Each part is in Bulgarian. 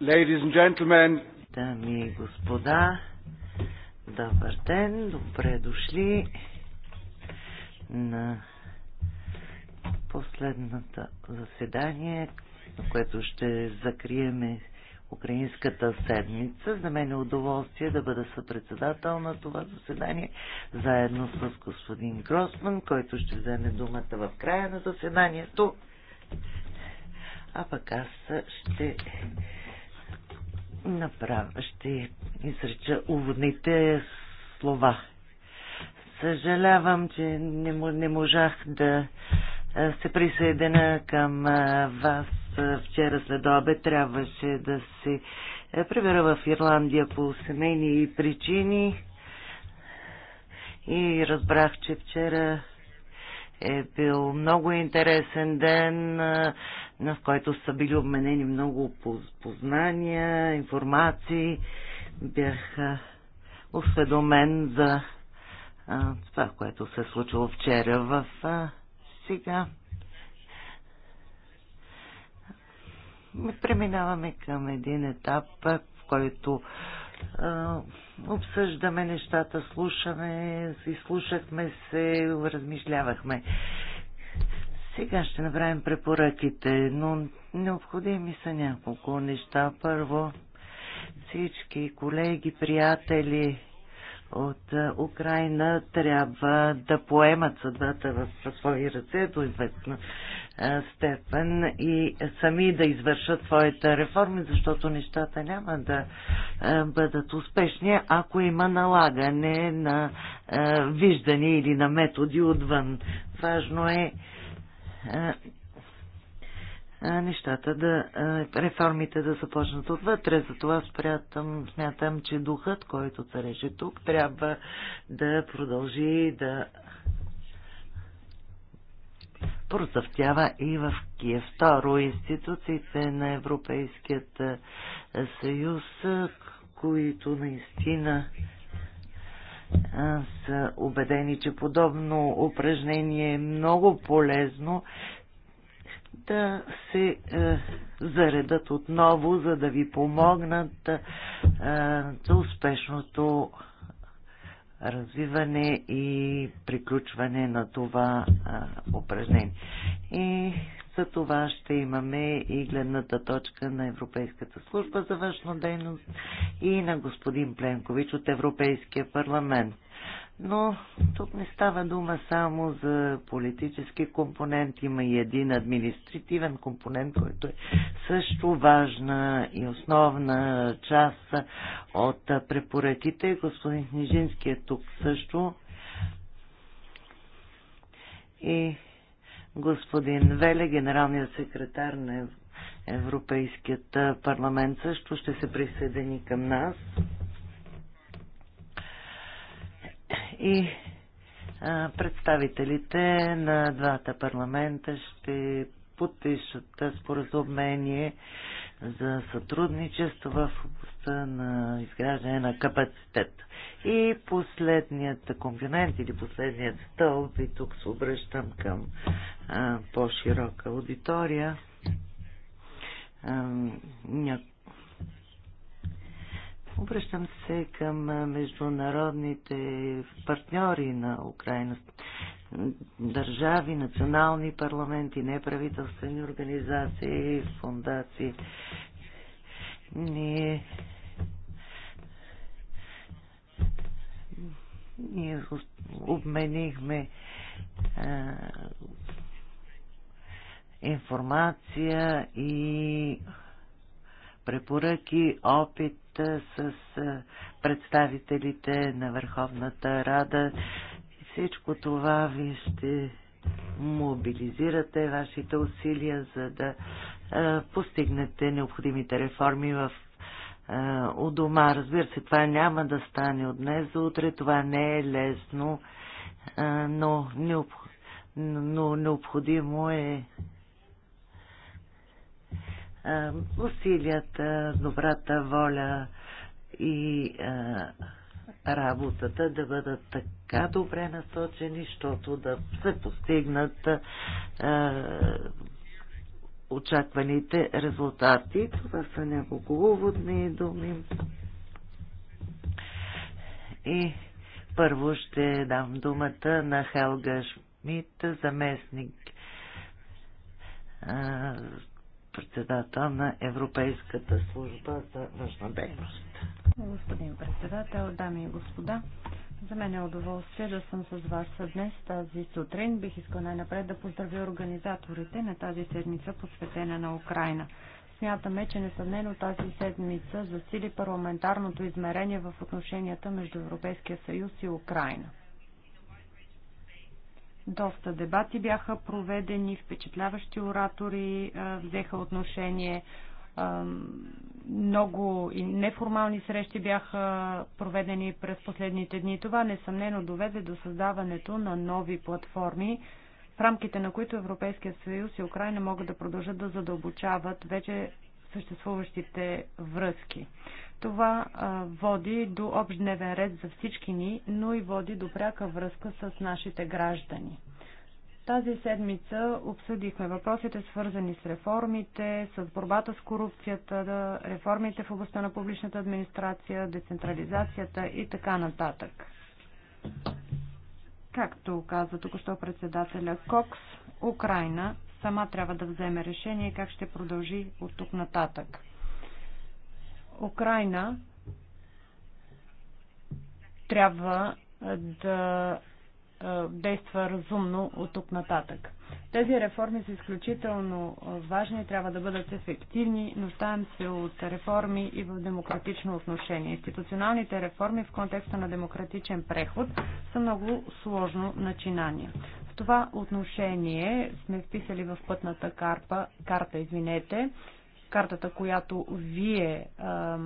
Ladies and gentlemen. Дами и господа, добър ден, добре дошли на последната заседание, на което ще закриеме Украинската седмица. За мен е удоволствие да бъда съпредседател на това заседание, заедно с господин Гросман, който ще вземе думата в края на заседанието а пък аз ще направя, ще изреча уводните слова. Съжалявам, че не, не можах да се присъединя към вас вчера след обед. Трябваше да се прибера в Ирландия по семейни причини и разбрах, че вчера е бил много интересен ден на който са били обменени много познания, информации. Бях осведомен за а, това, което се е случило вчера в а, сега. Преминаваме към един етап, в който а, обсъждаме нещата, слушаме, изслушахме се, размишлявахме сега ще направим препоръките, но необходими са няколко неща. Първо, всички колеги, приятели от Украина трябва да поемат съдбата в свои ръце до известна степен и сами да извършат своите реформи, защото нещата няма да бъдат успешни, ако има налагане на виждане или на методи отвън. Важно е е, е, нещата да, е, реформите да започнат отвътре. Затова спрятам, смятам, че духът, който цареше тук, трябва да продължи да процъфтява и в Киев. Второ, институциите на Европейският съюз, които наистина са убедени, че подобно упражнение е много полезно да се е, заредат отново, за да ви помогнат е, за успешното развиване и приключване на това е, упражнение. И за това ще имаме и гледната точка на Европейската служба за външна дейност и на господин Пленкович от Европейския парламент. Но тук не става дума само за политически компонент, има и един административен компонент, който е също важна и основна част от препоръките. Господин Книжински е тук също. И господин Веле, генералният секретар на Европейският парламент също ще се присъедини към нас. И а, представителите на двата парламента ще подпишат споразумение за сътрудничество в областта на изграждане на капацитет. И последният компонент или последният стълб, и тук се обръщам към по-широка аудитория, а, ня... Обръщам се към международните партньори на Украина държави, национални парламенти, неправителствени организации, фундации. Ние ние обменихме а, информация и препоръки, опит с представителите на Върховната Рада, всичко това ви ще мобилизирате вашите усилия, за да а, постигнете необходимите реформи в а, у дома. Разбира се, това няма да стане от днес за утре, това не е лесно, а, но, необ... но необходимо е а, усилията, добрата воля и а, работата да бъдат така добре насочени, защото да се постигнат а, очакваните резултати. Това са няколко уводни думи. И първо ще дам думата на Хелга Шмидт, заместник председател на Европейската служба за външна дейност. Господин председател, дами и господа, за мен е удоволствие да съм с вас днес тази сутрин. Бих искал най-напред да поздравя организаторите на тази седмица, посветена на Украина. Смятаме, че несъмнено тази седмица засили парламентарното измерение в отношенията между Европейския съюз и Украина. Доста дебати бяха проведени, впечатляващи оратори взеха отношение много и неформални срещи бяха проведени през последните дни. Това несъмнено доведе до създаването на нови платформи, в рамките на които Европейския съюз и Украина могат да продължат да задълбочават вече съществуващите връзки. Това а, води до общ дневен ред за всички ни, но и води до пряка връзка с нашите граждани. Тази седмица обсъдихме въпросите свързани с реформите, с борбата с корупцията, реформите в областта на публичната администрация, децентрализацията и така нататък. Както каза току-що председателя Кокс, Украина сама трябва да вземе решение как ще продължи от тук нататък. Украина трябва да действа разумно от тук нататък. Тези реформи са изключително важни, трябва да бъдат ефективни, нуждаем се от реформи и в демократично отношение. Институционалните реформи в контекста на демократичен преход са много сложно начинание. В това отношение сме вписали в пътната карпа, карта, извинете, картата, която вие а,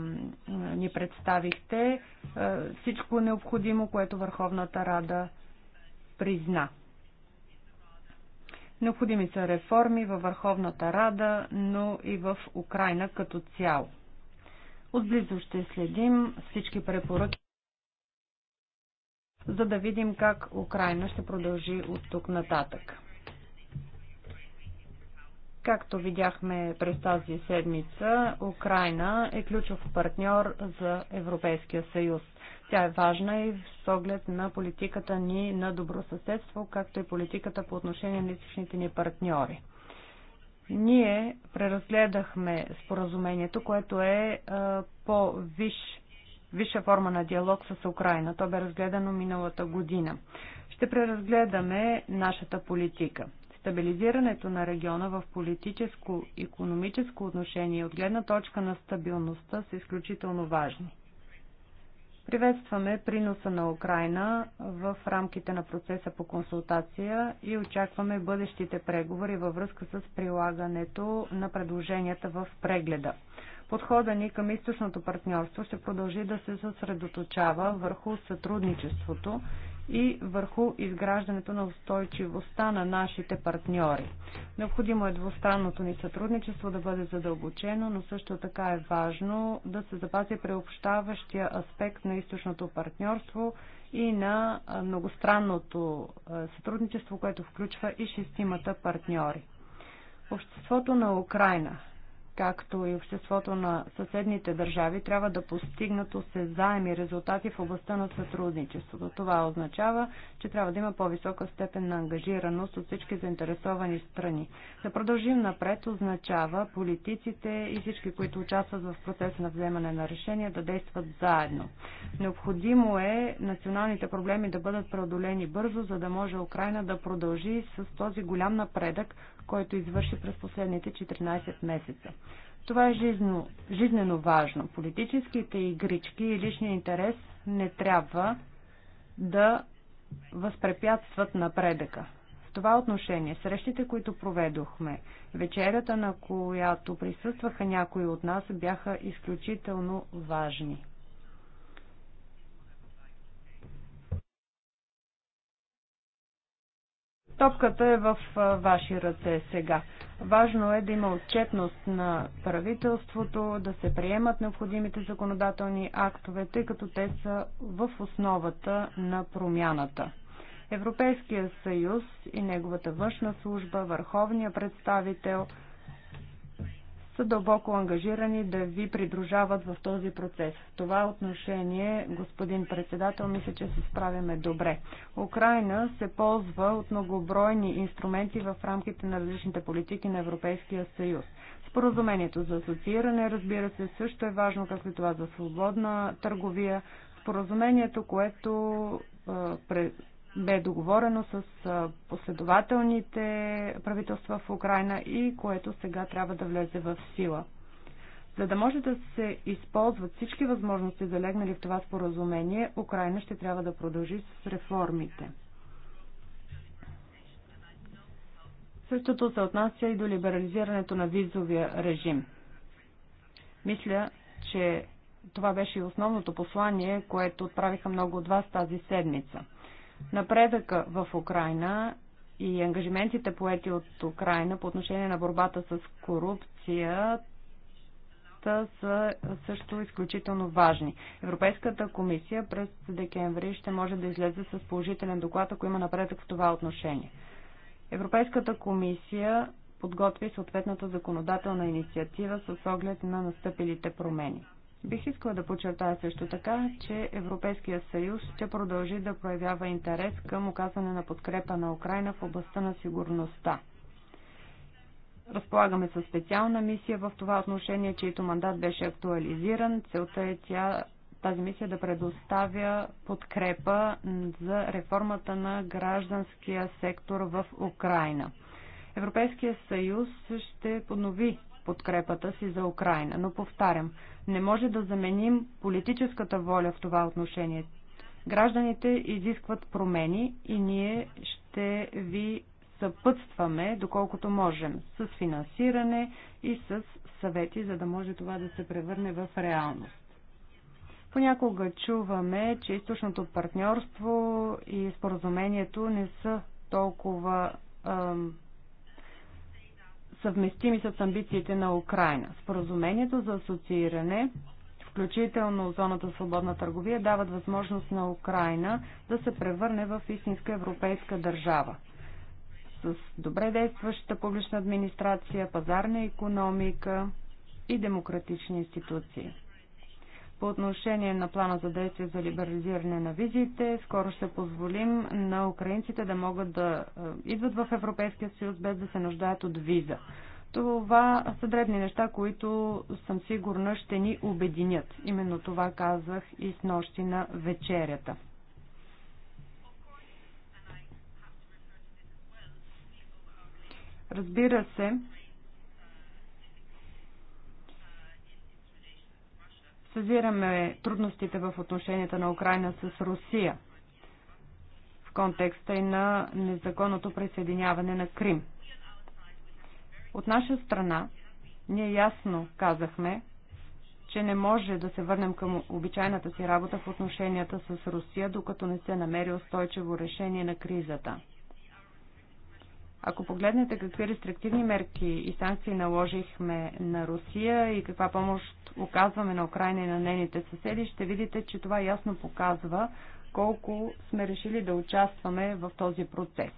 ни представихте, а, всичко необходимо, което Върховната Рада призна. Необходими са реформи във Върховната Рада, но и в Украина като цяло. Отблизо ще следим всички препоръки, за да видим как Украина ще продължи от тук нататък. Както видяхме през тази седмица, Украина е ключов партньор за Европейския съюз. Тя е важна и с оглед на политиката ни на добросъседство, както и политиката по отношение на източните ни партньори. Ние преразгледахме споразумението, което е, е по-виш висша форма на диалог с Украина. То бе разгледано миналата година. Ще преразгледаме нашата политика. Стабилизирането на региона в политическо-економическо отношение от гледна точка на стабилността са изключително важни. Приветстваме приноса на Украина в рамките на процеса по консултация и очакваме бъдещите преговори във връзка с прилагането на предложенията в прегледа. Подхода ни към източното партньорство ще продължи да се съсредоточава върху сътрудничеството и върху изграждането на устойчивостта на нашите партньори. Необходимо е двустранното ни сътрудничество да бъде задълбочено, но също така е важно да се запази преобщаващия аспект на източното партньорство и на многостранното сътрудничество, което включва и шестимата партньори. Обществото на Украина както и обществото на съседните държави, трябва да постигнат осезаеми резултати в областта на сътрудничеството. Това означава, че трябва да има по-висока степен на ангажираност от всички заинтересовани страни. Да продължим напред означава политиците и всички, които участват в процеса на вземане на решения, да действат заедно. Необходимо е националните проблеми да бъдат преодолени бързо, за да може Украина да продължи с този голям напредък, който извърши през последните 14 месеца. Това е жизнено жизнено важно. Политическите игрички и личния интерес не трябва да възпрепятстват напредъка. В това отношение, срещите, които проведохме, вечерята, на която присъстваха някои от нас, бяха изключително важни. Топката е в ваши ръце сега. Важно е да има отчетност на правителството, да се приемат необходимите законодателни актове, тъй като те са в основата на промяната. Европейския съюз и неговата външна служба, върховния представител – са дълбоко ангажирани да ви придружават в този процес. В това отношение, господин председател, мисля, че се справяме добре. Украина се ползва от многобройни инструменти в рамките на различните политики на Европейския съюз. Споразумението за асоцииране, разбира се, също е важно, както и това за свободна търговия. Споразумението, което бе договорено с последователните правителства в Украина и което сега трябва да влезе в сила. За да може да се използват всички възможности, залегнали в това споразумение, Украина ще трябва да продължи с реформите. Същото се отнася и до либерализирането на визовия режим. Мисля, че това беше и основното послание, което отправиха много от вас тази седмица – Напредъка в Украина и ангажиментите поети от Украина по отношение на борбата с корупция са също изключително важни. Европейската комисия през декември ще може да излезе с положителен доклад, ако има напредък в това отношение. Европейската комисия подготви съответната законодателна инициатива с оглед на настъпилите промени. Бих искала да подчертая също така, че Европейския съюз ще продължи да проявява интерес към оказване на подкрепа на Украина в областта на сигурността. Разполагаме със специална мисия в това отношение, чието мандат беше актуализиран. Целта е тя, тази мисия да предоставя подкрепа за реформата на гражданския сектор в Украина. Европейския съюз ще поднови подкрепата си за Украина. Но повтарям, не може да заменим политическата воля в това отношение. Гражданите изискват промени и ние ще ви съпътстваме, доколкото можем, с финансиране и с съвети, за да може това да се превърне в реалност. Понякога чуваме, че източното партньорство и споразумението не са толкова съвместими с амбициите на Украина. Споразумението за асоцииране включително зоната свободна търговия, дават възможност на Украина да се превърне в истинска европейска държава. С добре действаща публична администрация, пазарна економика и демократични институции. По отношение на плана за действие за либерализиране на визите, скоро ще позволим на украинците да могат да е, идват в Европейския съюз без да се нуждаят от виза. Това са дребни неща, които съм сигурна ще ни обединят. Именно това казах и с нощи на вечерята. Разбира се, съзираме трудностите в отношенията на Украина с Русия в контекста и на незаконното присъединяване на Крим. От наша страна ние ясно казахме, че не може да се върнем към обичайната си работа в отношенията с Русия, докато не се намери устойчиво решение на кризата. Ако погледнете какви рестриктивни мерки и санкции наложихме на Русия и каква помощ оказваме на Украина и на нейните съседи, ще видите, че това ясно показва колко сме решили да участваме в този процес.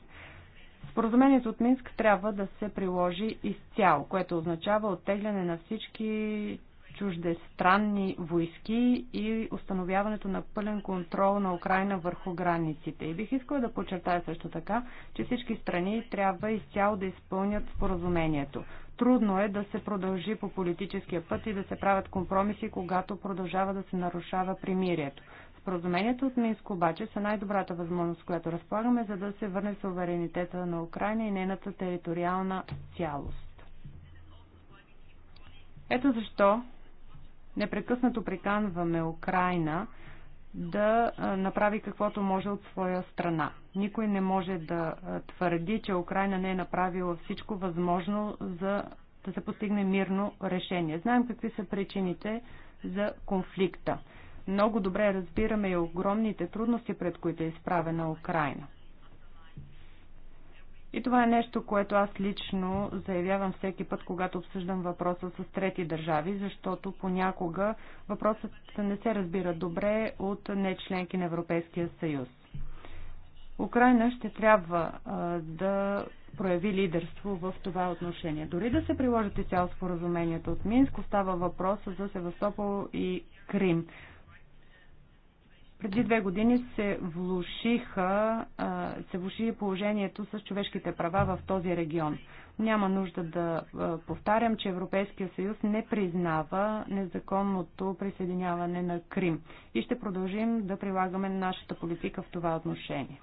Споразумението от Минск трябва да се приложи изцяло, което означава оттегляне на всички чуждестранни войски и установяването на пълен контрол на Украина върху границите. И бих искала да подчертая също така, че всички страни трябва изцяло да изпълнят споразумението. Трудно е да се продължи по политическия път и да се правят компромиси, когато продължава да се нарушава примирието. Споразумението от Минск обаче са най-добрата възможност, която разполагаме, за да се върне суверенитета на Украина и нейната териториална цялост. Ето защо Непрекъснато приканваме Украина да направи каквото може от своя страна. Никой не може да твърди, че Украина не е направила всичко възможно за да се постигне мирно решение. Знаем какви са причините за конфликта. Много добре разбираме и огромните трудности, пред които е изправена Украина. И това е нещо, което аз лично заявявам всеки път, когато обсъждам въпроса с трети държави, защото понякога въпросът не се разбира добре от нечленки на Европейския съюз. Украина ще трябва а, да прояви лидерство в това отношение. Дори да се приложите цяло споразумението от Минск, остава въпрос за Севастопол и Крим. Преди две години се влушиха, се влуши положението с човешките права в този регион. Няма нужда да повтарям, че Европейския съюз не признава незаконното присъединяване на Крим и ще продължим да прилагаме нашата политика в това отношение.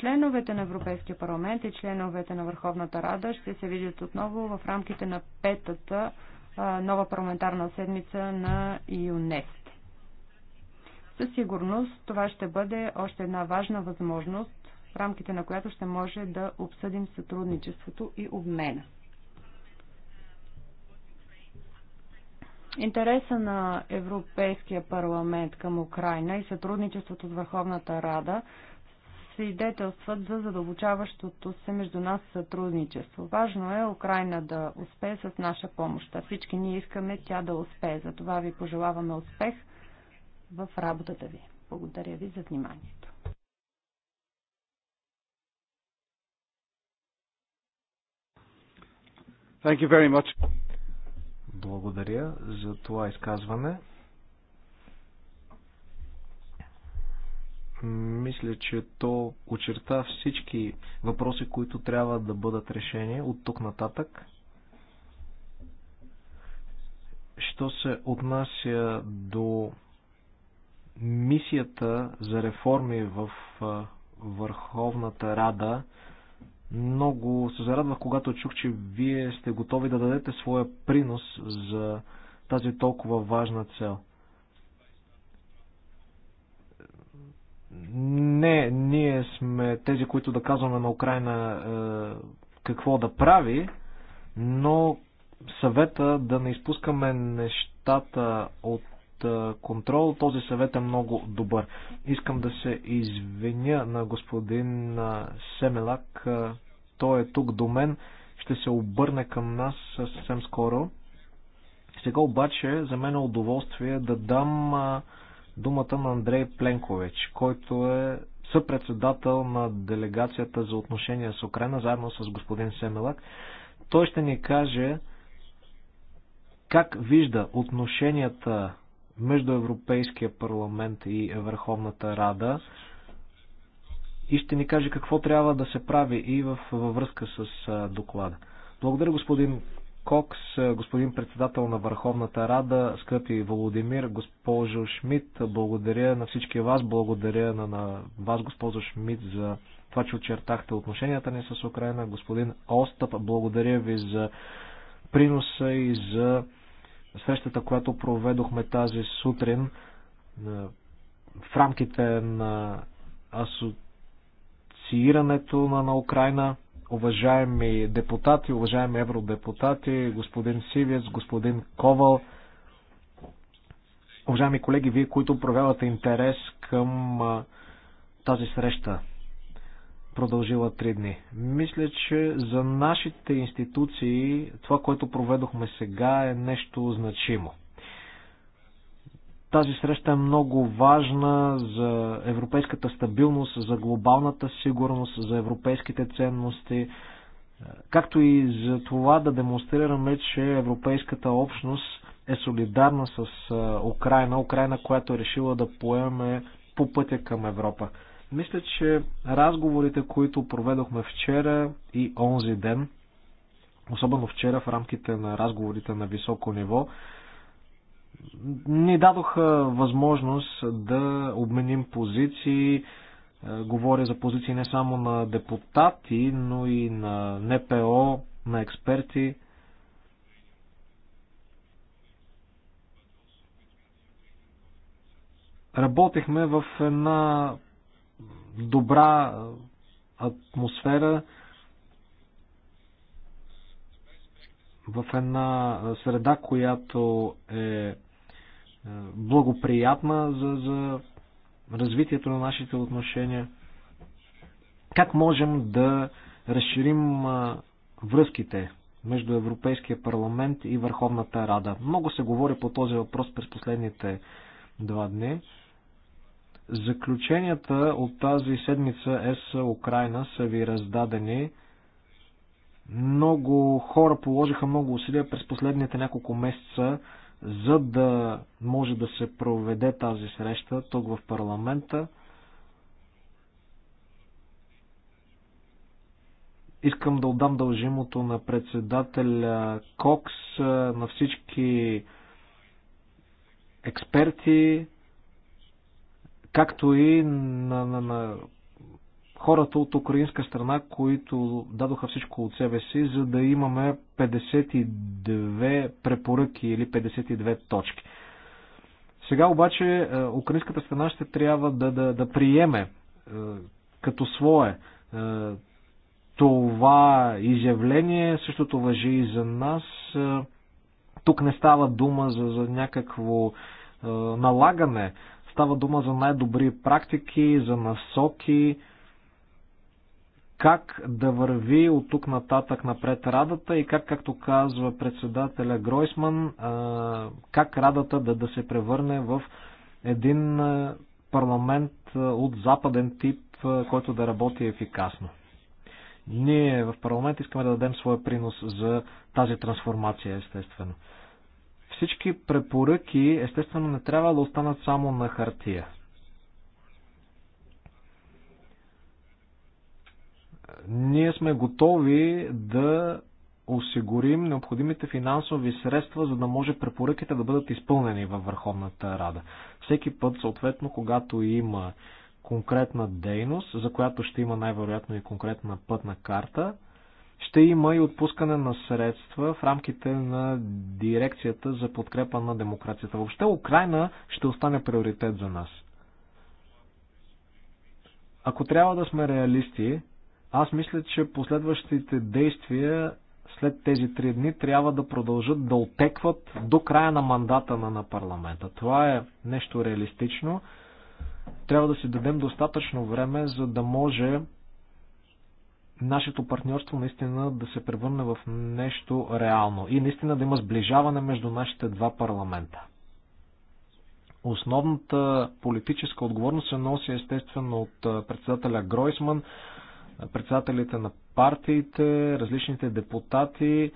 Членовете на Европейския парламент и членовете на Върховната Рада ще се видят отново в рамките на петата нова парламентарна седмица на ЮНЕС. Със сигурност това ще бъде още една важна възможност, в рамките на която ще може да обсъдим сътрудничеството и обмена. Интереса на Европейския парламент към Украина и сътрудничеството с Върховната Рада свидетелстват за задълбочаващото се между нас сътрудничество. Важно е Украина да успее с наша помощ. всички ние искаме тя да успее. Затова ви пожелаваме успех в работата ви. Благодаря ви за вниманието. Thank you very much. Благодаря за това изказване. Мисля, че то очерта всички въпроси, които трябва да бъдат решени от тук нататък. Що се отнася до мисията за реформи в Върховната Рада. Много се зарадвах, когато чух, че вие сте готови да дадете своя принос за тази толкова важна цел. Не, ние сме тези, които да казваме на Украина е, какво да прави, но съвета да не изпускаме нещата от контрол. Този съвет е много добър. Искам да се извиня на господин Семелак. Той е тук до мен. Ще се обърне към нас съвсем скоро. Сега обаче за мен е удоволствие да дам думата на Андрей Пленкович, който е съпредседател на делегацията за отношения с Украина, заедно с господин Семелак. Той ще ни каже как вижда отношенията между Европейския парламент и Върховната Рада и ще ни каже какво трябва да се прави и в, във връзка с доклада. Благодаря господин Кокс, господин председател на Върховната Рада, скъпи Володимир, госпожо Шмидт, благодаря на всички вас, благодаря на, на вас, госпожо Шмидт, за това, че очертахте отношенията ни с Украина, господин Остап, благодаря ви за приноса и за срещата, която проведохме тази сутрин е, в рамките на асоциирането на, на Украина, уважаеми депутати, уважаеми евродепутати, господин Сивец, господин Ковал, уважаеми колеги, вие, които проявявате интерес към тази среща продължила три дни. Мисля, че за нашите институции това, което проведохме сега е нещо значимо. Тази среща е много важна за европейската стабилност, за глобалната сигурност, за европейските ценности, както и за това да демонстрираме, че европейската общност е солидарна с Украина, Украина, която е решила да поеме по пътя към Европа. Мисля, че разговорите, които проведохме вчера и онзи ден, особено вчера в рамките на разговорите на високо ниво, ни дадоха възможност да обменим позиции. Е, говоря за позиции не само на депутати, но и на НПО, на експерти. Работихме в една добра атмосфера в една среда, която е, е благоприятна за, за развитието на нашите отношения. Как можем да разширим връзките между Европейския парламент и Върховната Рада? Много се говори по този въпрос през последните два дни. Заключенията от тази седмица ЕС Украина са ви раздадени. Много хора положиха много усилия през последните няколко месеца, за да може да се проведе тази среща тук в парламента. Искам да отдам дължимото на председател Кокс, на всички експерти, както и на, на, на хората от украинска страна, които дадоха всичко от себе си, за да имаме 52 препоръки или 52 точки. Сега обаче е, украинската страна ще трябва да, да, да приеме е, като свое е, това изявление, същото въжи и за нас. тук не става дума за, за някакво налагане Става дума за най-добри практики, за насоки, как да върви от тук нататък напред радата и как, както казва председателя Гройсман, как радата да, да се превърне в един парламент от западен тип, който да работи ефикасно. Ние в парламент искаме да дадем своя принос за тази трансформация, естествено. Всички препоръки, естествено, не трябва да останат само на хартия. Ние сме готови да осигурим необходимите финансови средства, за да може препоръките да бъдат изпълнени във Върховната Рада. Всеки път, съответно, когато има конкретна дейност, за която ще има най-вероятно и конкретна пътна карта, ще има и отпускане на средства в рамките на дирекцията за подкрепа на демокрацията. Въобще Украина ще остане приоритет за нас. Ако трябва да сме реалисти, аз мисля, че последващите действия след тези три дни трябва да продължат да отекват до края на мандата на, на парламента. Това е нещо реалистично. Трябва да си дадем достатъчно време, за да може нашето партньорство наистина да се превърне в нещо реално и наистина да има сближаване между нашите два парламента. Основната политическа отговорност се носи естествено от председателя Гройсман, председателите на партиите, различните депутати,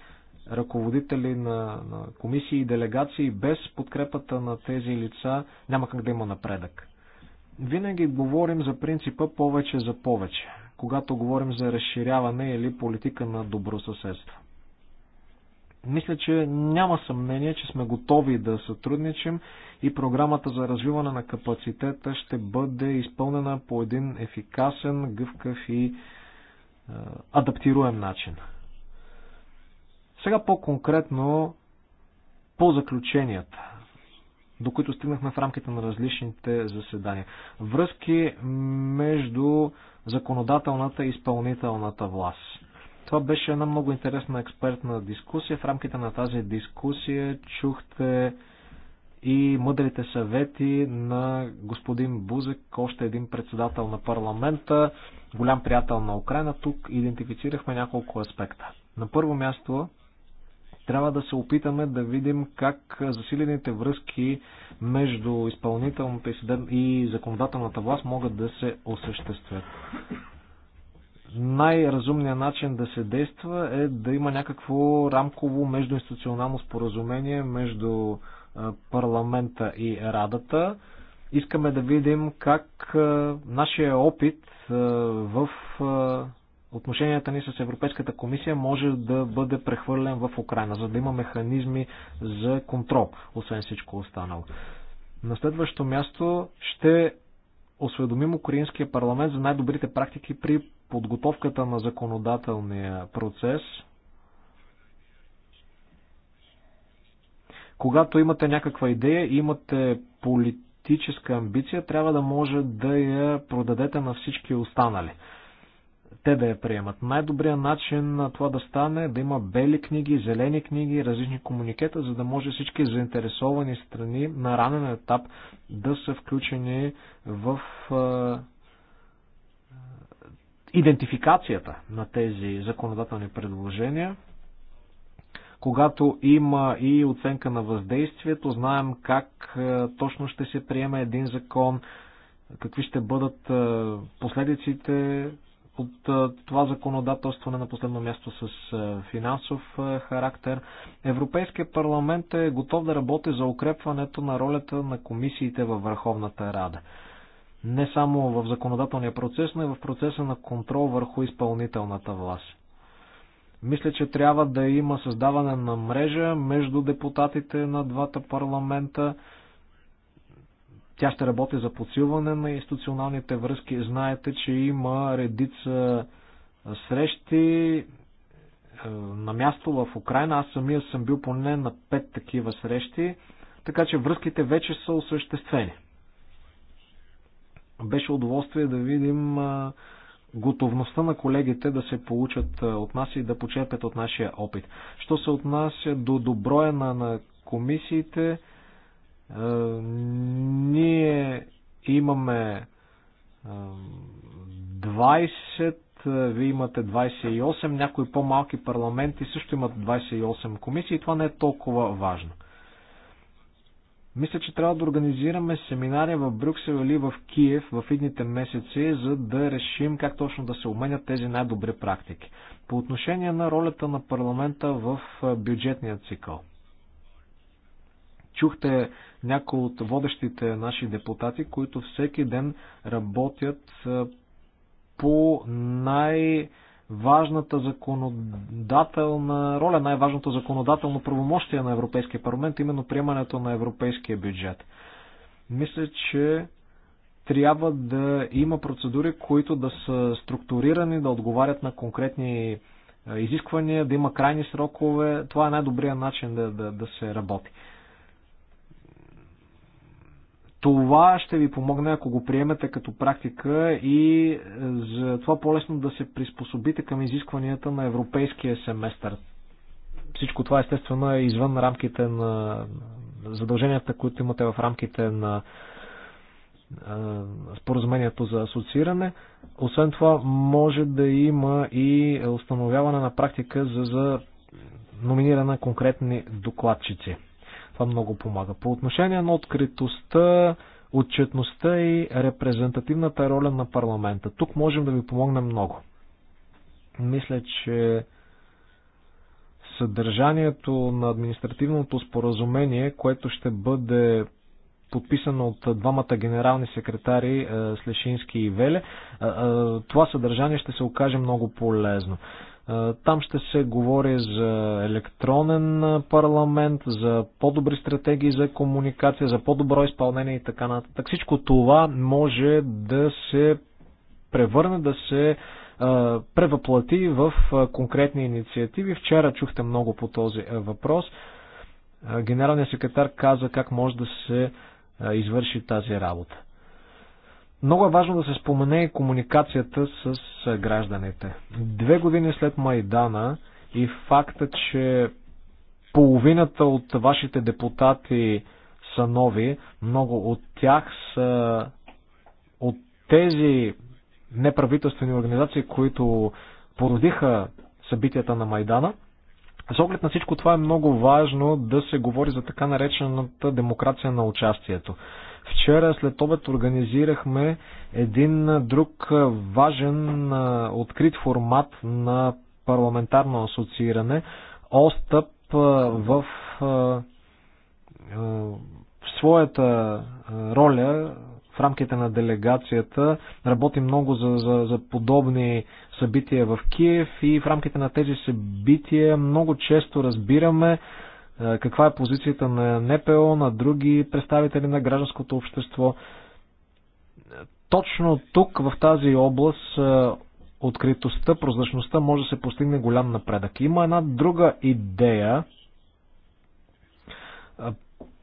ръководители на, на комисии и делегации. Без подкрепата на тези лица няма как да има напредък. Винаги говорим за принципа повече за повече когато говорим за разширяване или политика на добро съседство. Мисля, че няма съмнение, че сме готови да сътрудничим и програмата за развиване на капацитета ще бъде изпълнена по един ефикасен, гъвкав и е, адаптируем начин. Сега по-конкретно по заключенията, до които стигнахме в рамките на различните заседания. Връзки между законодателната и изпълнителната власт. Това беше една много интересна експертна дискусия. В рамките на тази дискусия чухте и мъдрите съвети на господин Бузек, още един председател на парламента, голям приятел на Украина. Тук идентифицирахме няколко аспекта. На първо място трябва да се опитаме да видим как засилените връзки между изпълнителната и законодателната власт могат да се осъществят. Най-разумният начин да се действа е да има някакво рамково междуинституционално споразумение между парламента и Радата. Искаме да видим как нашия опит в отношенията ни с Европейската комисия може да бъде прехвърлен в Украина, за да има механизми за контрол, освен всичко останало. На следващо място ще осведомим Украинския парламент за най-добрите практики при подготовката на законодателния процес. Когато имате някаква идея, имате политическа амбиция, трябва да може да я продадете на всички останали те да я приемат. Най-добрият начин на това да стане е да има бели книги, зелени книги, различни комуникета, за да може всички заинтересовани страни на ранен етап да са включени в идентификацията на тези законодателни предложения. Когато има и оценка на въздействието, знаем как точно ще се приеме един закон, какви ще бъдат последиците от това законодателство, не на последно място с финансов характер. Европейския парламент е готов да работи за укрепването на ролята на комисиите във Върховната Рада. Не само в законодателния процес, но и в процеса на контрол върху изпълнителната власт. Мисля, че трябва да има създаване на мрежа между депутатите на двата парламента, тя ще работи за подсилване на институционалните връзки. Знаете, че има редица срещи е, на място в Украина. Аз самия съм бил поне на пет такива срещи, така че връзките вече са осъществени. Беше удоволствие да видим е, готовността на колегите да се получат е, от нас и да почерпят от нашия опит. Що се отнася до доброя на, на комисиите, е, ние имаме 20 е, е, вие имате 28, някои по-малки парламенти също имат 28 комисии и това не е толкова важно. Мисля, че трябва да организираме семинария в Брюксел или в Киев в идните месеци, за да решим как точно да се уменят тези най-добри практики. По отношение на ролята на парламента в бюджетния цикъл. Чухте някои от водещите наши депутати, които всеки ден работят по най- важната законодателна роля, най-важното законодателно правомощие на Европейския парламент, именно приемането на европейския бюджет. Мисля, че трябва да има процедури, които да са структурирани, да отговарят на конкретни изисквания, да има крайни срокове. Това е най-добрият начин да, да, да се работи. Това ще ви помогне, ако го приемете като практика и е, за това по-лесно да се приспособите към изискванията на европейския семестър. Всичко това естествено е извън рамките на задълженията, които имате в рамките на е, споразумението за асоцииране. Освен това, може да има и установяване на практика за, за номиниране на конкретни докладчици. Това много помага. По отношение на откритостта, отчетността и репрезентативната роля на парламента. Тук можем да ви помогнем много. Мисля, че съдържанието на административното споразумение, което ще бъде подписано от двамата генерални секретари е, Слешински и Веле, е, е, това съдържание ще се окаже много полезно. Там ще се говори за електронен парламент, за по-добри стратегии за комуникация, за по-добро изпълнение и така нататък. Всичко това може да се превърне, да се превъплати в конкретни инициативи. Вчера чухте много по този въпрос. Генералният секретар каза как може да се извърши тази работа. Много е важно да се спомене и комуникацията с гражданите. Две години след Майдана и факта, че половината от вашите депутати са нови, много от тях са от тези неправителствени организации, които породиха събитията на Майдана. С оглед на всичко това е много важно да се говори за така наречената демокрация на участието. Вчера след обед организирахме един друг важен открит формат на парламентарно асоцииране Остъп в своята роля в рамките на делегацията работи много за, за, за подобни събития в Киев и в рамките на тези събития много често разбираме е, каква е позицията на НПО, на други представители на гражданското общество. Е, точно тук, в тази област, е, откритостта, прозрачността може да се постигне голям напредък. Има една друга идея,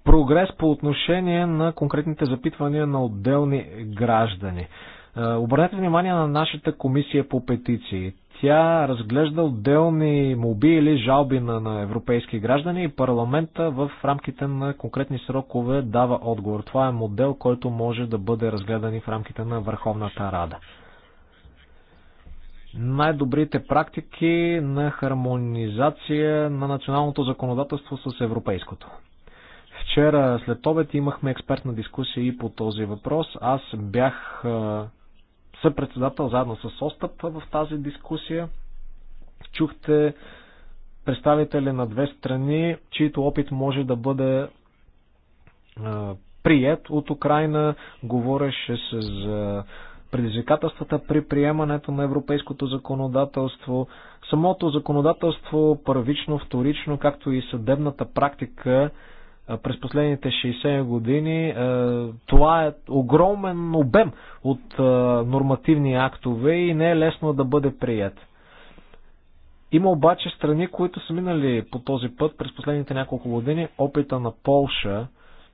прогрес по отношение на конкретните запитвания на отделни граждани. Обърнете внимание на нашата комисия по петиции. Тя разглежда отделни моби или жалби на, на европейски граждани и парламента в рамките на конкретни срокове дава отговор. Това е модел, който може да бъде разгледан и в рамките на Върховната Рада най-добрите практики на хармонизация на националното законодателство с европейското. Вчера след обед имахме експертна дискусия и по този въпрос. Аз бях съпредседател заедно с Остъп в тази дискусия. Чухте представители на две страни, чието опит може да бъде прият от Украина. Говореше се за предизвикателствата при приемането на европейското законодателство. Самото законодателство, първично, вторично, както и съдебната практика през последните 60 години. Това е огромен обем от нормативни актове и не е лесно да бъде прият. Има обаче страни, които са минали по този път през последните няколко години. Опита на Полша,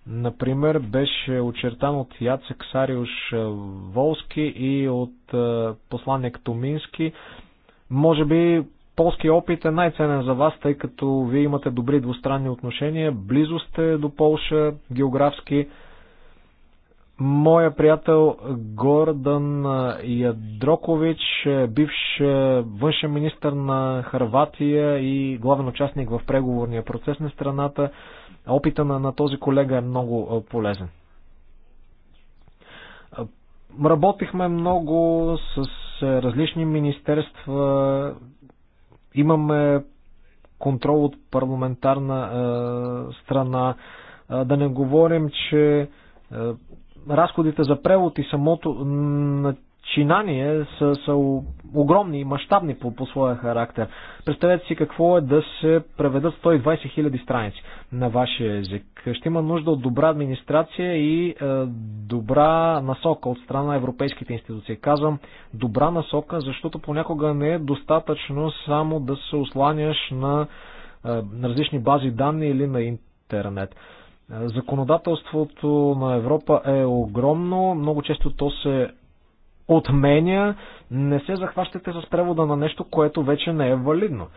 например, беше очертан от Яцек Сариуш Волски и от посланник Томински. Може би полския опит е най-ценен за вас, тъй като вие имате добри двустранни отношения, близо сте до Полша географски. Моя приятел Гордан Ядрокович, е бивш външен министр на Харватия и главен участник в преговорния процес на страната, опита на, на този колега е много полезен. Работихме много с различни министерства, имаме контрол от парламентарна е, страна, е, да не говорим, че е, разходите за превод и самото начинания са, са огромни и мащабни по, по своя характер. Представете си какво е да се преведат 120 000 страници на вашия език. Ще има нужда от добра администрация и е, добра насока от страна на европейските институции. Казвам добра насока, защото понякога не е достатъчно само да се осланяш на, е, на различни бази данни или на интернет. Е, законодателството на Европа е огромно, много често то се отменя, не се захващате с превода на нещо, което вече не е валидно.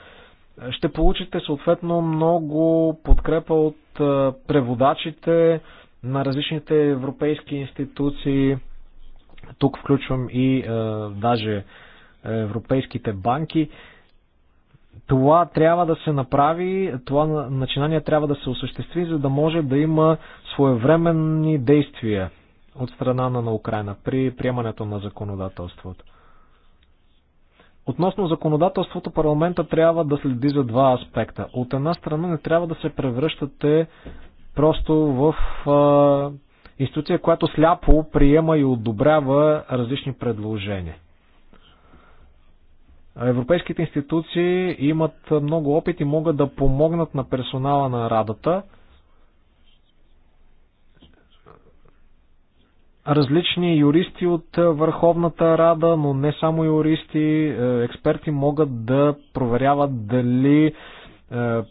Ще получите съответно много подкрепа от е, преводачите на различните европейски институции. Тук включвам и е, даже е, европейските банки. Това трябва да се направи, това начинание трябва да се осъществи, за да може да има своевременни действия от страна на Украина при приемането на законодателството. Относно законодателството, парламента трябва да следи за два аспекта. От една страна не трябва да се превръщате просто в а, институция, която сляпо приема и одобрява различни предложения. Европейските институции имат много опит и могат да помогнат на персонала на Радата – различни юристи от Върховната Рада, но не само юристи, е, експерти могат да проверяват дали е,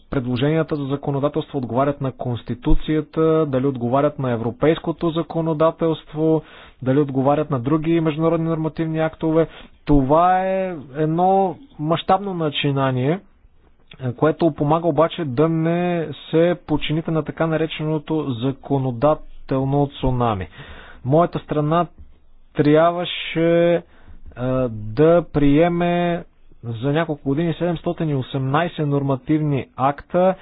предложенията за законодателство отговарят на Конституцията, дали отговарят на европейското законодателство, дали отговарят на други международни нормативни актове. Това е едно мащабно начинание, е, което помага обаче да не се почините на така нареченото законодателно цунами. Моята страна трябваше да приеме за няколко години 718 нормативни акта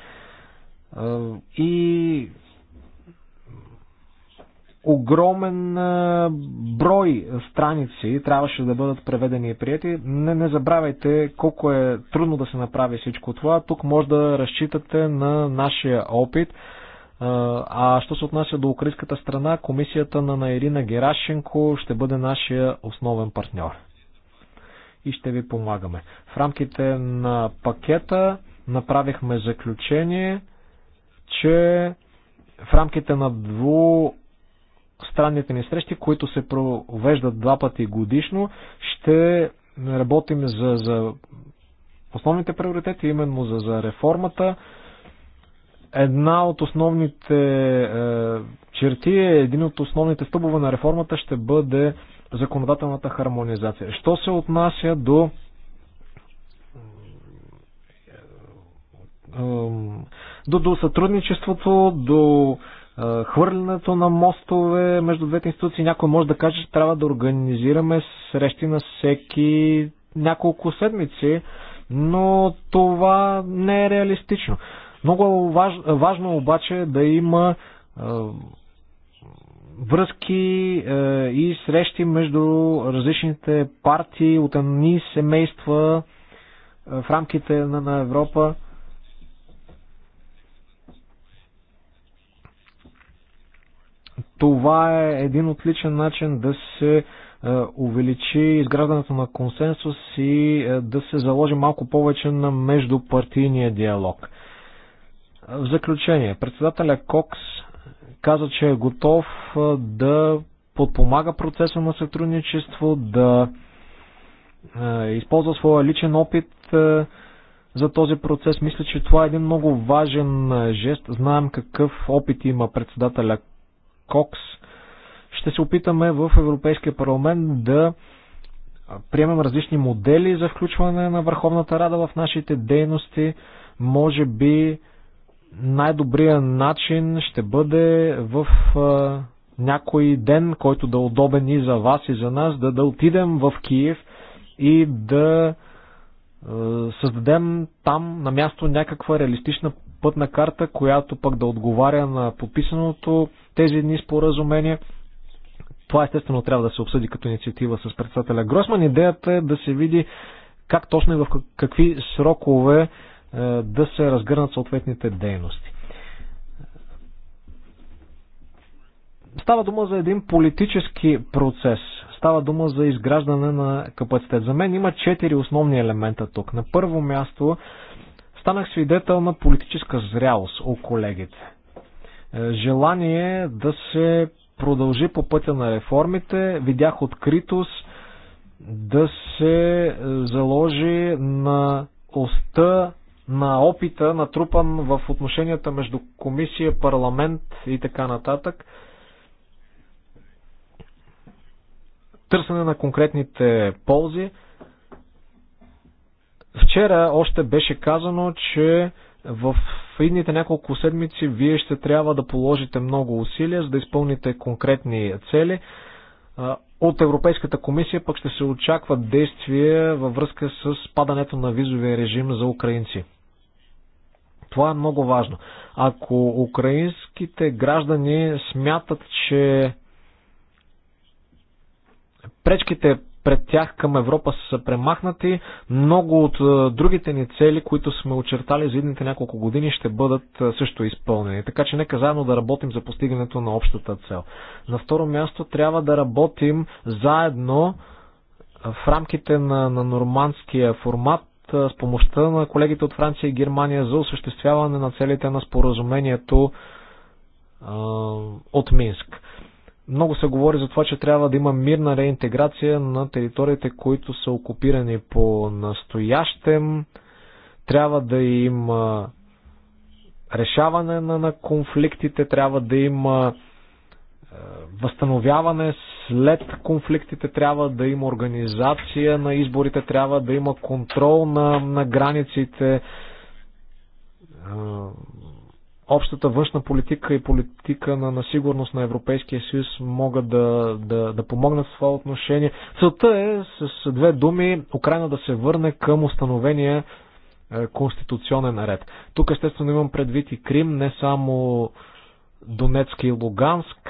и огромен брой страници трябваше да бъдат преведени и прияти. Не, не забравяйте колко е трудно да се направи всичко това. Тук може да разчитате на нашия опит. А що се отнася до украинската страна, комисията на Наирина Герашенко ще бъде нашия основен партньор. И ще ви помагаме. В рамките на пакета направихме заключение, че в рамките на дву странните ни срещи, които се провеждат два пъти годишно, ще работим за, за основните приоритети, именно за, за реформата, Една от основните е, черти, е, един от основните стъбове на реформата ще бъде законодателната хармонизация. Що се отнася до е, до, до сътрудничеството, до е, хвърлянето на мостове между двете институции. Някой може да каже, че трябва да организираме срещи на всеки няколко седмици, но това не е реалистично. Много важ, важно е обаче да има е, връзки е, и срещи между различните партии от едни семейства е, в рамките на, на Европа. Това е един отличен начин да се е, увеличи изграждането на консенсус и е, да се заложи малко повече на междупартийния диалог. В заключение, председателя Кокс каза, че е готов да подпомага процеса на сътрудничество, да използва своя личен опит за този процес. Мисля, че това е един много важен жест. Знаем какъв опит има председателя Кокс. Ще се опитаме в Европейския парламент да приемем различни модели за включване на Върховната Рада в нашите дейности. Може би най-добрият начин ще бъде в някой ден, който да е удобен и за вас, и за нас, да, да отидем в Киев и да а, създадем там на място някаква реалистична пътна карта, която пък да отговаря на подписаното тези дни споразумения. Това естествено трябва да се обсъди като инициатива с председателя Гросман. Идеята е да се види как точно и в какви срокове е, да се разгърнат съответните дейности. Става дума за един политически процес. Става дума за изграждане на капацитет. За мен има четири основни елемента тук. На първо място станах свидетел на политическа зрялост у колегите. Е, желание да се продължи по пътя на реформите, видях откритост да се е, заложи на оста на опита, натрупан в отношенията между комисия, парламент и така нататък. Търсене на конкретните ползи. Вчера още беше казано, че в идните няколко седмици вие ще трябва да положите много усилия, за да изпълните конкретни цели. От Европейската комисия пък ще се очакват действия във връзка с падането на визовия режим за украинци. Това е много важно. Ако украинските граждани смятат, че пречките пред тях към Европа са премахнати, много от е, другите ни цели, които сме очертали за едните няколко години, ще бъдат е, също изпълнени. Така че нека заедно да работим за постигането на общата цел. На второ място трябва да работим заедно е, в рамките на, на нормандския формат с помощта на колегите от Франция и Германия за осъществяване на целите на споразумението от Минск. Много се говори за това, че трябва да има мирна реинтеграция на териториите, които са окупирани по настоящем. Трябва да има решаване на, на конфликтите, трябва да има възстановяване след конфликтите, трябва да има организация на изборите, трябва да има контрол на, на границите, общата външна политика и политика на, на сигурност на Европейския съюз могат да, да, да помогнат в това отношение. Целта е, с две думи, Украина да се върне към установения е, конституционен ред. Тук естествено имам предвид и Крим, не само Донецк и Луганск.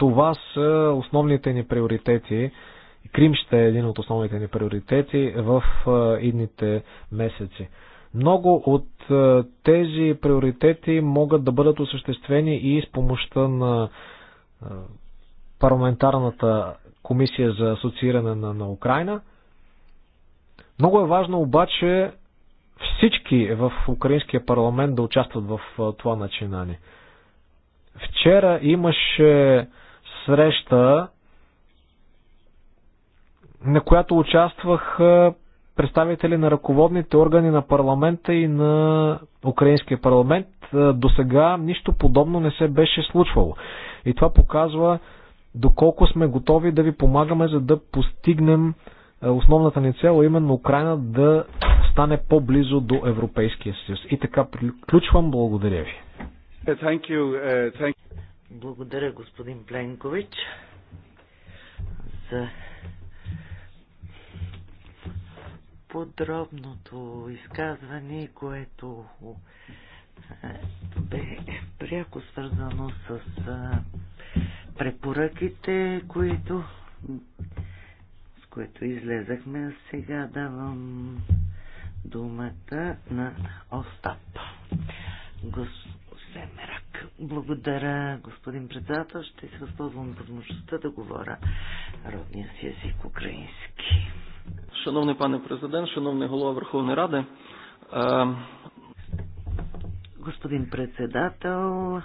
Това са основните ни приоритети. Крим ще е един от основните ни приоритети в идните месеци. Много от тези приоритети могат да бъдат осъществени и с помощта на парламентарната комисия за асоцииране на, на Украина. Много е важно обаче всички в украинския парламент да участват в това начинание. Вчера имаше среща, на която участваха представители на ръководните органи на парламента и на украинския парламент. До сега нищо подобно не се беше случвало. И това показва доколко сме готови да ви помагаме, за да постигнем основната ни цел, именно Украина да стане по-близо до Европейския съюз. И така приключвам. Благодаря ви. Uh, благодаря, господин Пленкович, за подробното изказване, което е, бе пряко свързано с е, препоръките, които, с които излезахме. Сега давам думата на Остап. Господин благодаря, господин председател. Ще се възползвам възможността да говоря родния си език украински. Шановний пане президент, шановний голова Верховної Ради. А... Е, господин председател,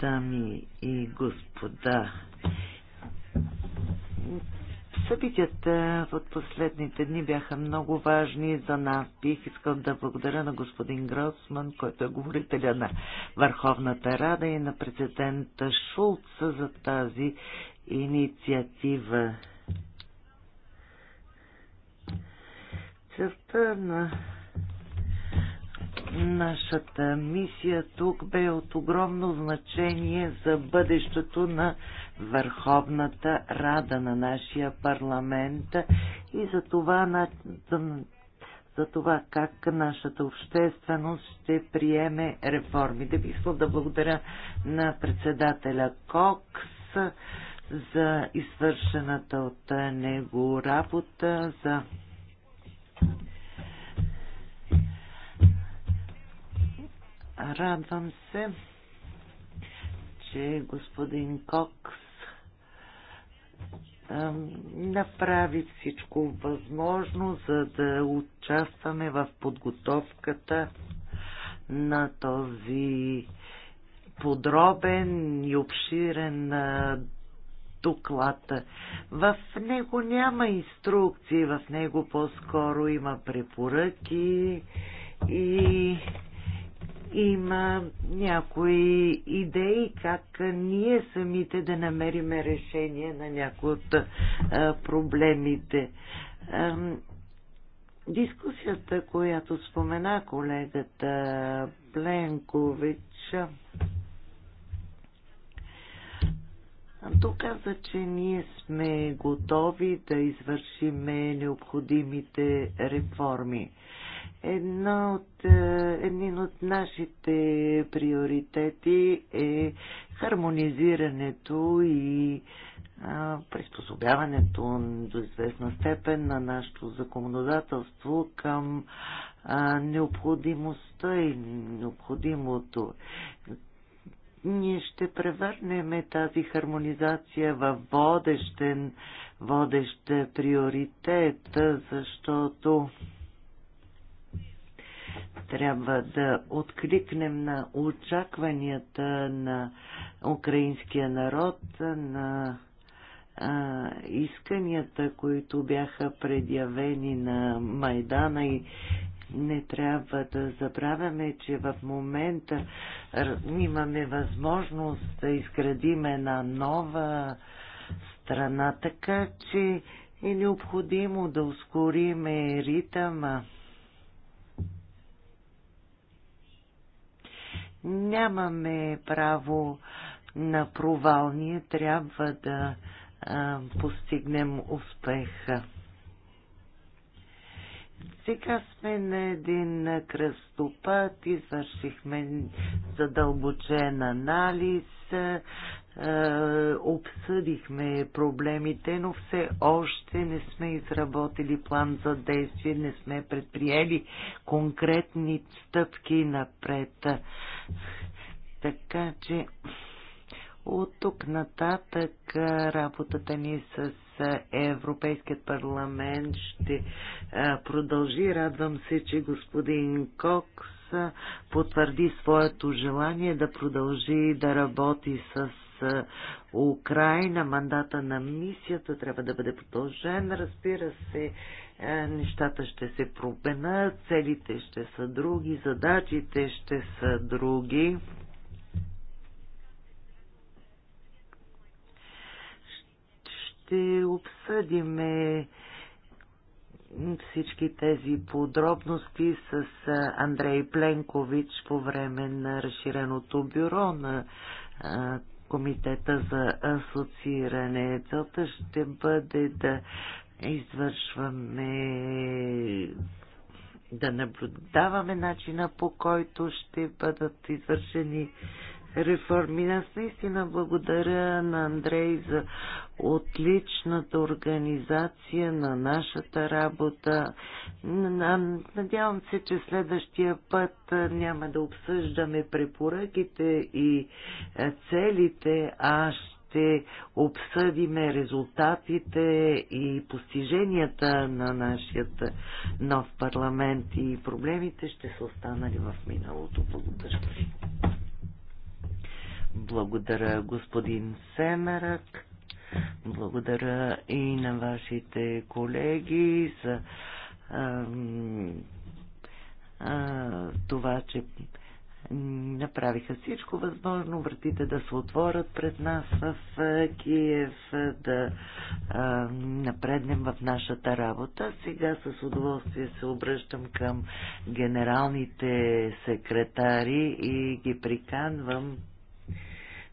дами и господа, Събитията от последните дни бяха много важни за нас. Бих искал да благодаря на господин Гросман, който е говорителя на Върховната Рада и на президента Шулц за тази инициатива. Целта на нашата мисия тук бе от огромно значение за бъдещето на Върховната Рада на нашия парламент и за това, на, за това как нашата общественост ще приеме реформите. Да бих искал да благодаря на председателя Кокс за извършената от него работа, за Радвам се, че господин Кокс направи всичко възможно, за да участваме в подготовката на този подробен и обширен доклад. В него няма инструкции, в него по-скоро има препоръки и има някои идеи как ние самите да намерим решение на някои от проблемите. Дискусията, която спомена колегата Пленкович, каза, че ние сме готови да извършим необходимите реформи. Едно от, е, един от нашите приоритети е хармонизирането и а, приспособяването до известна степен на нашето законодателство към а, необходимостта и необходимото. Ние ще превърнем тази хармонизация в водещен, водещ приоритет, защото трябва да откликнем на очакванията на украинския народ, на а, исканията, които бяха предявени на Майдана и не трябва да забравяме, че в момента имаме възможност да изградим една нова страна, така че е необходимо да ускориме ритъма Нямаме право на провал. Ние трябва да а, постигнем успеха. Сега сме на един кръстопът, извършихме задълбочен анализ, е, обсъдихме проблемите, но все още не сме изработили план за действие, не сме предприели конкретни стъпки напред. Така че от тук нататък работата ни с Европейският парламент ще продължи. Радвам се, че господин Кокс потвърди своето желание да продължи да работи с Украина. Мандата на мисията трябва да бъде продължен. Разбира се, е, нещата ще се променят, целите ще са други, задачите ще са други. Ще обсъдиме всички тези подробности с е, Андрей Пленкович по време на разширеното бюро на е, Комитета за асоцииране. Целта ще бъде да извършваме да наблюдаваме начина по който ще бъдат извършени реформи. Аз наистина благодаря на Андрей за отличната организация на нашата работа. Надявам се, че следващия път няма да обсъждаме препоръките и целите, а ще ще обсъдиме резултатите и постиженията на нашия нов парламент и проблемите ще са останали в миналото. Благодаря ви. Благодаря господин Семерък. Благодаря и на вашите колеги за а, а, това, че направиха всичко възможно, вратите да се отворят пред нас в е, Киев, е, да а, е, напреднем в нашата работа. Сега с удоволствие се обръщам към генералните секретари и ги приканвам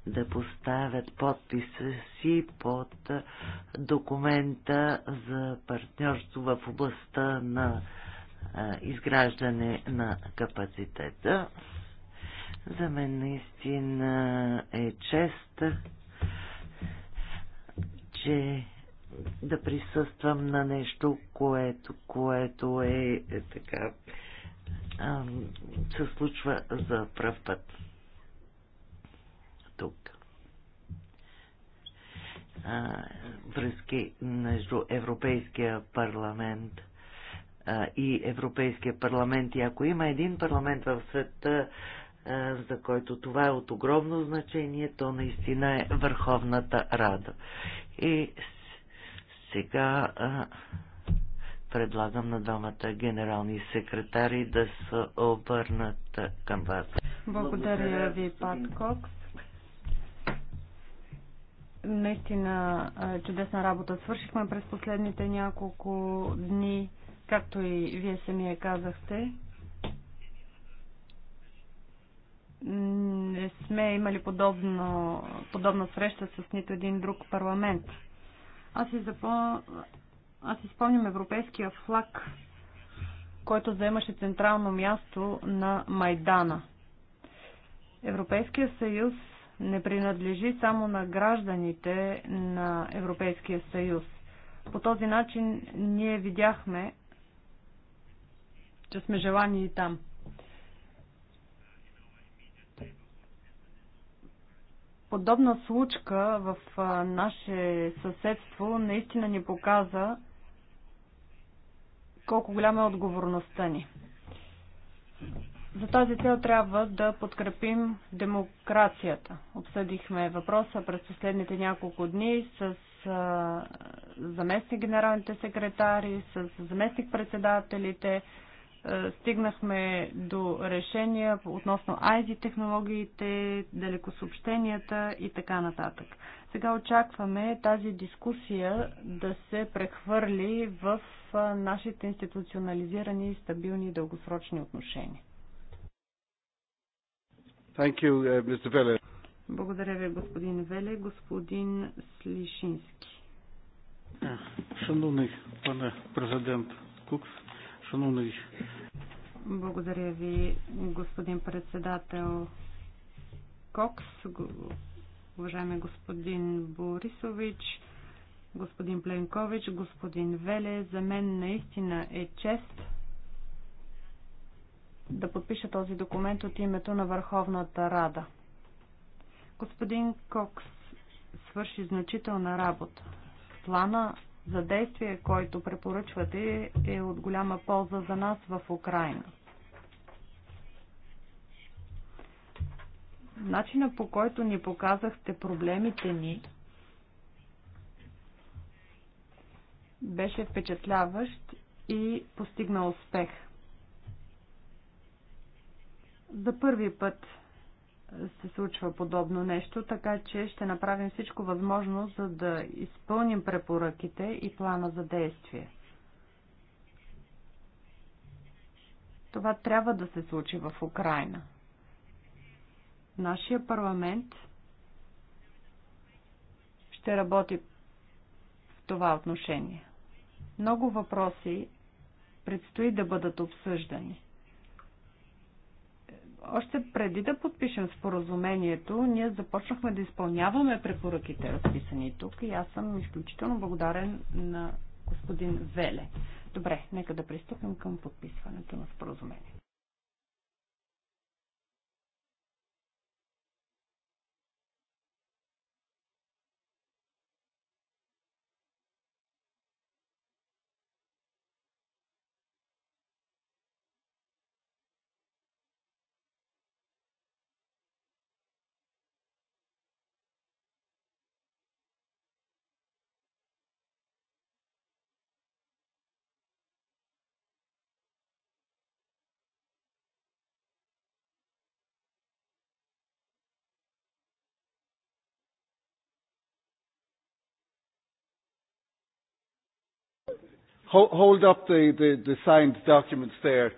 да поставят подписа си под документа за партньорство в областта на изграждане на капацитета. За мен наистина е чест, че да присъствам на нещо, което, което е, е така се случва за пръв път. Тук. А, връзки между Европейския парламент а, и Европейския парламент. И ако има един парламент в света, за който това е от огромно значение, то наистина е Върховната Рада. И сега а, предлагам на двамата генерални секретари да се обърнат към вас. Благодаря, Благодаря ви, Пат Кокс. Наистина чудесна работа свършихме през последните няколко дни, както и вие самия казахте. не сме имали подобно, подобна среща с нито един друг парламент. Аз си, Аз си спомням европейския флаг, който заемаше централно място на Майдана. Европейския съюз не принадлежи само на гражданите на Европейския съюз. По този начин ние видяхме, че сме желани и там. подобна случка в наше съседство наистина ни показа колко голяма е отговорността ни. За тази цел трябва да подкрепим демокрацията. Обсъдихме въпроса през последните няколко дни с заместник генералните секретари, с заместник председателите, е, стигнахме до решения относно IT технологиите, далекосъобщенията и така нататък. Сега очакваме тази дискусия да се прехвърли в нашите институционализирани и стабилни дългосрочни отношения. Thank you, uh, Mr. Vele. Благодаря ви, господин Веле. Господин Слишински. Шановни пане президент Кукс, шановни благодаря ви, господин председател Кокс, уважаеми господин Борисович, господин Пленкович, господин Веле. За мен наистина е чест да подпиша този документ от името на Върховната Рада. Господин Кокс свърши значителна работа. Плана за действие, който препоръчвате, е от голяма полза за нас в Украина. Начина по който ни показахте проблемите ни беше впечатляващ и постигна успех. За първи път се случва подобно нещо, така че ще направим всичко възможно, за да изпълним препоръките и плана за действие. Това трябва да се случи в Украина. Нашия парламент ще работи в това отношение. Много въпроси предстои да бъдат обсъждани още преди да подпишем споразумението, ние започнахме да изпълняваме препоръките, разписани тук и аз съм изключително благодарен на господин Веле. Добре, нека да пристъпим към подписването на споразумението. hold up the, the, the signed documents there.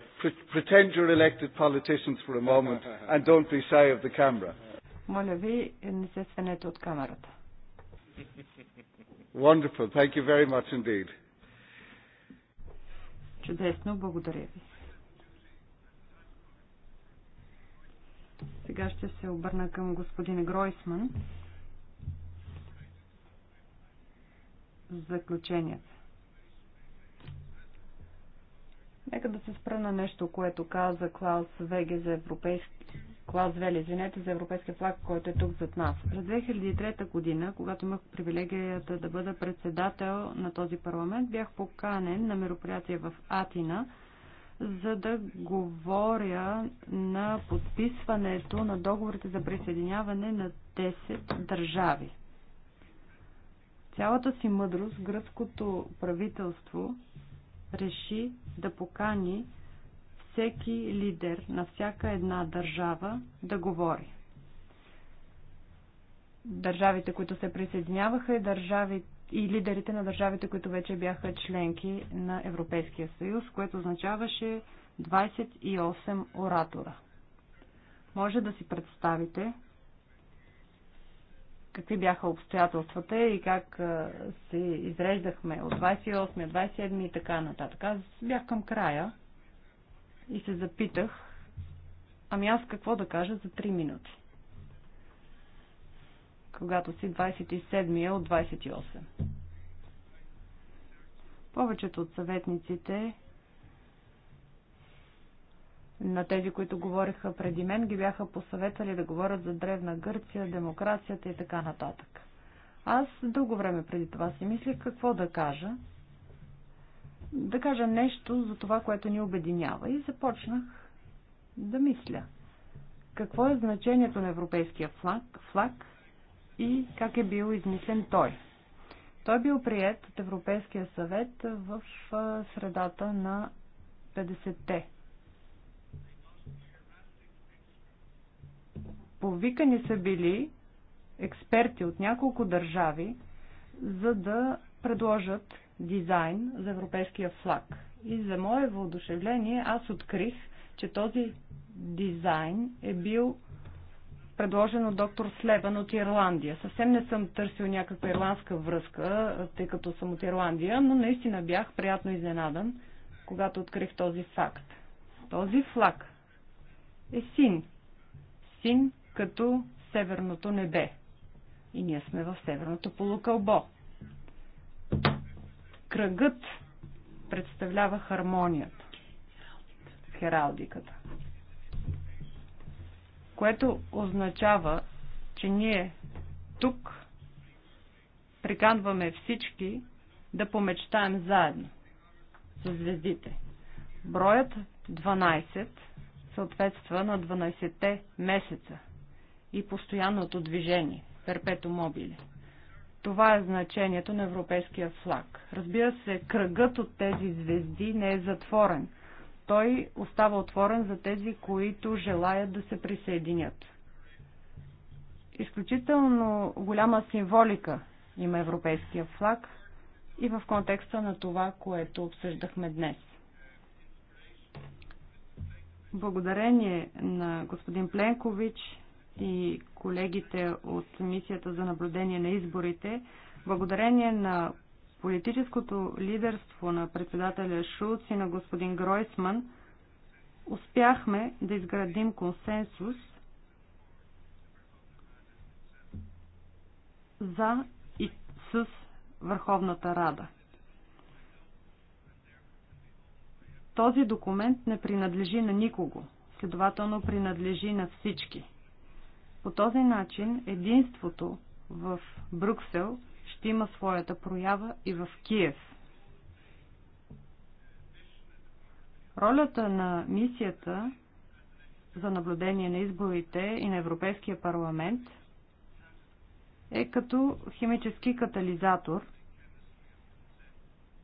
Pretend you're elected politicians for a moment and don't be shy of the camera. Wonderful. Thank you very much indeed. Чудесно, благодаря ви. Сега ще се обърна към господин Гройсман. Заключението. Нека да се спра на нещо, което каза Клаус Веге за европейски Клаус Вели, извинете, за европейския флаг, който е тук зад нас. През 2003 година, когато имах привилегията да бъда председател на този парламент, бях поканен на мероприятие в Атина, за да говоря на подписването на договорите за присъединяване на 10 държави. Цялата си мъдрост гръцкото правителство реши да покани всеки лидер на всяка една държава да говори. Държавите, които се присъединяваха и, държави, и лидерите на държавите, които вече бяха членки на Европейския съюз, което означаваше 28 оратора. Може да си представите какви бяха обстоятелствата и как се изреждахме от 28, 27 и така нататък. Аз бях към края и се запитах, ами аз какво да кажа за 3 минути? Когато си 27 от 28. Повечето от съветниците на тези, които говориха преди мен, ги бяха посъветвали да говорят за Древна Гърция, демокрацията и така нататък. Аз дълго време преди това си мислих какво да кажа. Да кажа нещо за това, което ни обединява и започнах да мисля. Какво е значението на европейския флаг, флаг и как е бил измислен той? Той бил прият от Европейския съвет в средата на 50-те повикани са били експерти от няколко държави, за да предложат дизайн за европейския флаг. И за мое въодушевление аз открих, че този дизайн е бил предложен от доктор Слебан от Ирландия. Съвсем не съм търсил някаква ирландска връзка, тъй като съм от Ирландия, но наистина бях приятно изненадан, когато открих този факт. Този флаг е син. Син като северното небе. И ние сме в северното полукълбо. Кръгът представлява хармонията, хералдиката, което означава, че ние тук приканваме всички да помечтаем заедно с звездите. Броят 12 съответства на 12-те месеца – и постоянното движение, перпето мобили. Това е значението на европейския флаг. Разбира се, кръгът от тези звезди не е затворен. Той остава отворен за тези, които желаят да се присъединят. Изключително голяма символика има европейския флаг и в контекста на това, което обсъждахме днес. Благодарение на господин Пленкович и колегите от Мисията за наблюдение на изборите, благодарение на политическото лидерство на председателя Шулц и на господин Гройсман, успяхме да изградим консенсус за и с Върховната Рада. Този документ не принадлежи на никого, следователно принадлежи на всички. По този начин единството в Брюксел ще има своята проява и в Киев. Ролята на мисията за наблюдение на изборите и на Европейския парламент е като химически катализатор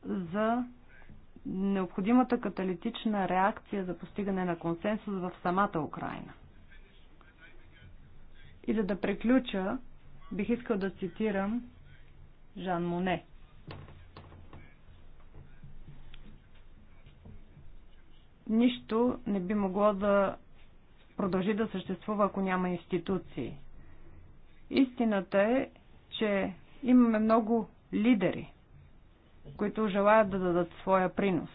за необходимата каталитична реакция за постигане на консенсус в самата Украина. И за да преключа, бих искал да цитирам Жан Моне. Нищо не би могло да продължи да съществува, ако няма институции. Истината е, че имаме много лидери, които желаят да дадат своя принос.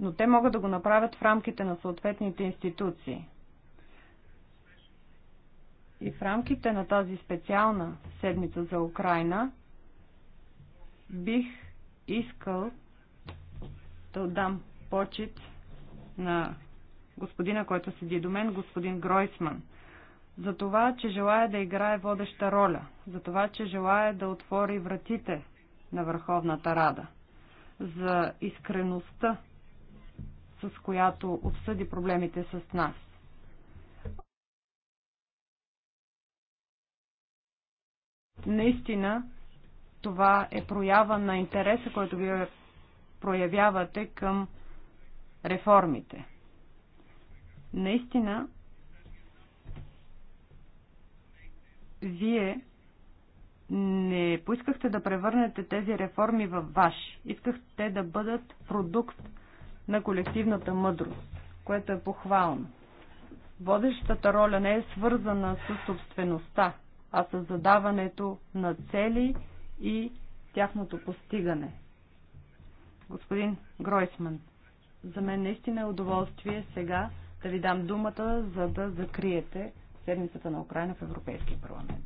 Но те могат да го направят в рамките на съответните институции. И в рамките на тази специална седмица за Украина бих искал да отдам почет на господина, който седи до мен, господин Гройсман, за това, че желая да играе водеща роля, за това, че желая да отвори вратите на Върховната Рада, за искреността, с която обсъди проблемите с нас. Наистина, това е проява на интереса, който вие проявявате към реформите. Наистина, вие не поискахте да превърнете тези реформи във ваши. Искахте да бъдат продукт на колективната мъдрост, което е похвално. Водещата роля не е свързана с собствеността, а с задаването на цели и тяхното постигане. Господин Гройсман, за мен наистина е удоволствие сега да ви дам думата, за да закриете седмицата на Украина в Европейския парламент.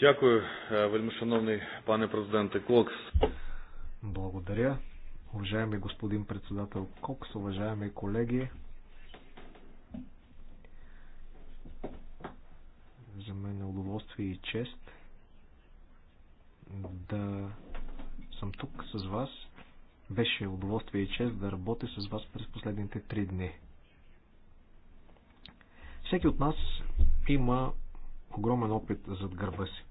Дякую, е, вельмишановний пане президенте Кокс. Благодаря. Уважаеми господин председател Кокс, уважаеми колеги, За мен е удоволствие и чест да съм тук с вас. Беше удоволствие и чест да работя с вас през последните три дни. Всеки от нас има огромен опит зад гърба си.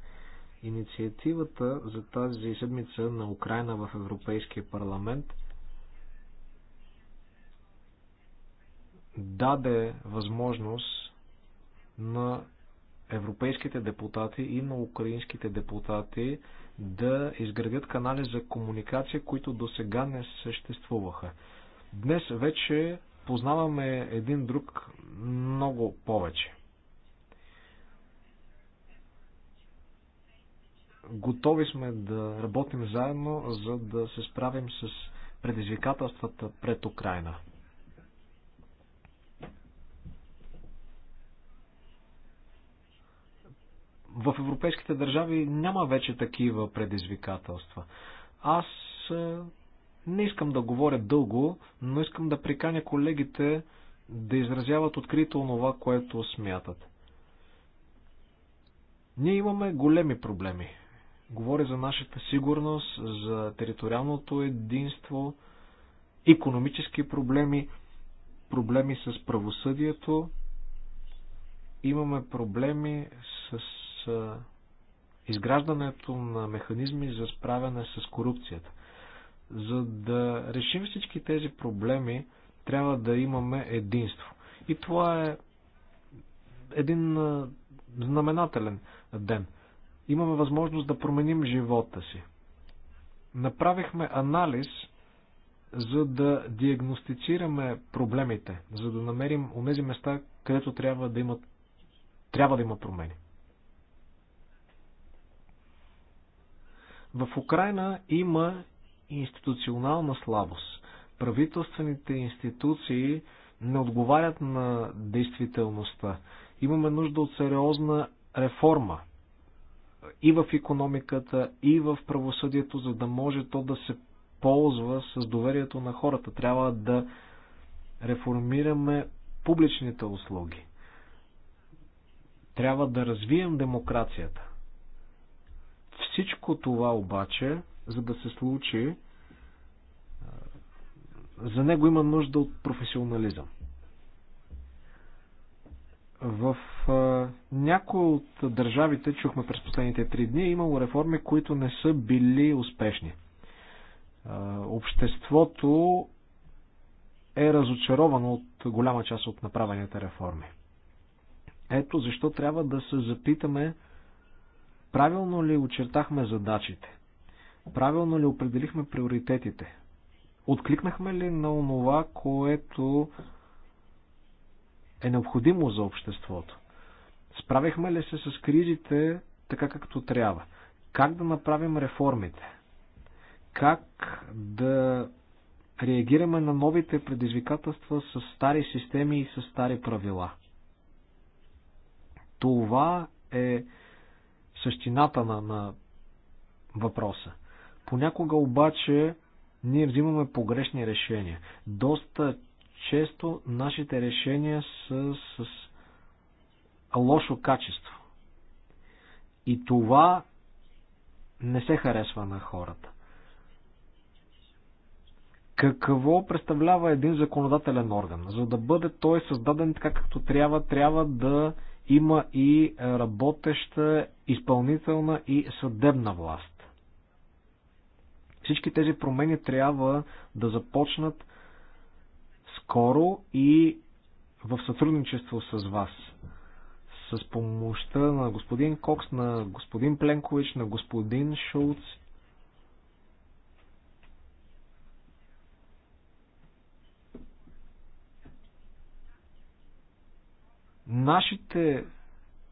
Инициативата за тази седмица на Украина в Европейския парламент даде възможност на европейските депутати и на украинските депутати да изградят канали за комуникация, които до сега не съществуваха. Днес вече познаваме един друг много повече. Готови сме да работим заедно, за да се справим с предизвикателствата пред Украина. в европейските държави няма вече такива предизвикателства. Аз е, не искам да говоря дълго, но искам да приканя колегите да изразяват открито това, което смятат. Ние имаме големи проблеми. Говоря за нашата сигурност, за териториалното единство, економически проблеми, проблеми с правосъдието, имаме проблеми с изграждането на механизми за справяне с корупцията. За да решим всички тези проблеми, трябва да имаме единство. И това е един знаменателен ден. Имаме възможност да променим живота си. Направихме анализ, за да диагностицираме проблемите, за да намерим онези места, където трябва да, имат, трябва да има промени. В Украина има институционална слабост. Правителствените институции не отговарят на действителността. Имаме нужда от сериозна реформа и в економиката, и в правосъдието, за да може то да се ползва с доверието на хората. Трябва да реформираме публичните услуги. Трябва да развием демокрацията. Всичко това обаче, за да се случи, за него има нужда от професионализъм. В някои от държавите, чухме през последните три дни, е имало реформи, които не са били успешни. обществото е разочаровано от голяма част от направените реформи. Ето защо трябва да се запитаме Правилно ли очертахме задачите? Правилно ли определихме приоритетите? Откликнахме ли на онова, което е необходимо за обществото? Справихме ли се с кризите така както трябва? Как да направим реформите? Как да реагираме на новите предизвикателства с стари системи и с стари правила? Това е същината на, на въпроса. Понякога обаче ние взимаме погрешни решения. Доста често нашите решения са с лошо качество. И това не се харесва на хората. Какво представлява един законодателен орган? За да бъде той създаден така както трябва, трябва да има и работеща изпълнителна и съдебна власт. Всички тези промени трябва да започнат скоро и в сътрудничество с вас. С помощта на господин Кокс, на господин Пленкович, на господин Шулц нашите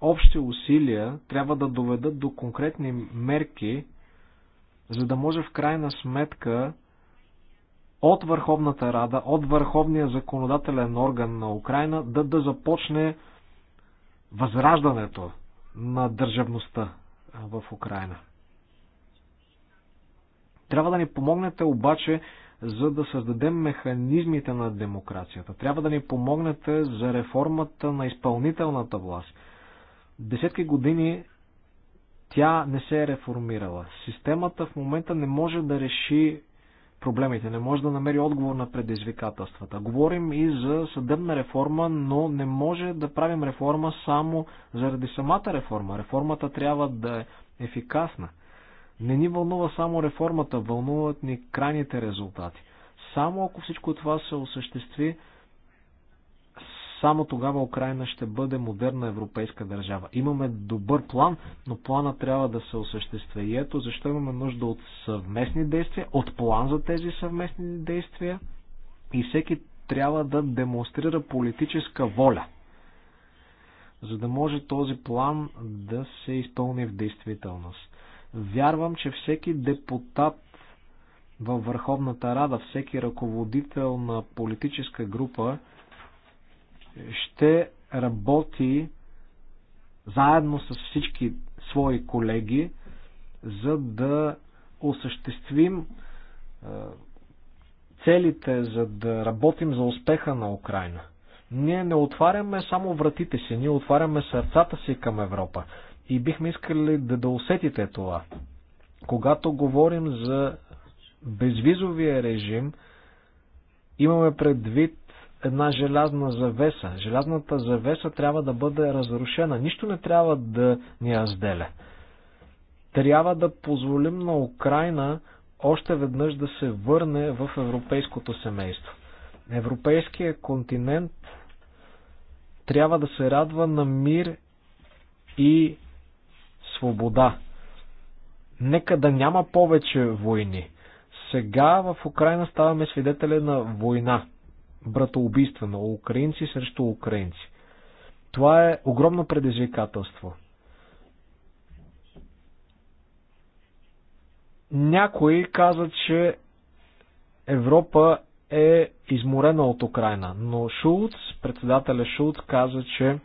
общи усилия трябва да доведат до конкретни мерки, за да може в крайна сметка от Върховната Рада, от Върховния законодателен орган на Украина да, да започне възраждането на държавността в Украина. Трябва да ни помогнете обаче за да създадем механизмите на демокрацията. Трябва да ни помогнете за реформата на изпълнителната власт – Десетки години тя не се е реформирала. Системата в момента не може да реши проблемите, не може да намери отговор на предизвикателствата. Говорим и за съдебна реформа, но не може да правим реформа само заради самата реформа. Реформата трябва да е ефикасна. Не ни вълнува само реформата, вълнуват ни крайните резултати. Само ако всичко това се осъществи, само тогава Украина ще бъде модерна европейска държава. Имаме добър план, но плана трябва да се осъществи. И ето защо имаме нужда от съвместни действия, от план за тези съвместни действия и всеки трябва да демонстрира политическа воля, за да може този план да се изпълни в действителност. Вярвам, че всеки депутат във Върховната Рада, всеки ръководител на политическа група ще работи заедно с всички свои колеги, за да осъществим е, целите, за да работим за успеха на Украина. Ние не отваряме само вратите си, ние отваряме сърцата си към Европа. И бихме искали да, да усетите това. Когато говорим за безвизовия режим, имаме предвид една желязна завеса. Желязната завеса трябва да бъде разрушена. Нищо не трябва да ни разделя. Трябва да позволим на Украина още веднъж да се върне в европейското семейство. Европейският континент трябва да се радва на мир и свобода. Нека да няма повече войни. Сега в Украина ставаме свидетели на война братоубийства на украинци срещу украинци. Това е огромно предизвикателство. Някои казват, че Европа е изморена от Украина, но Шулц, председателя Шулц, каза, че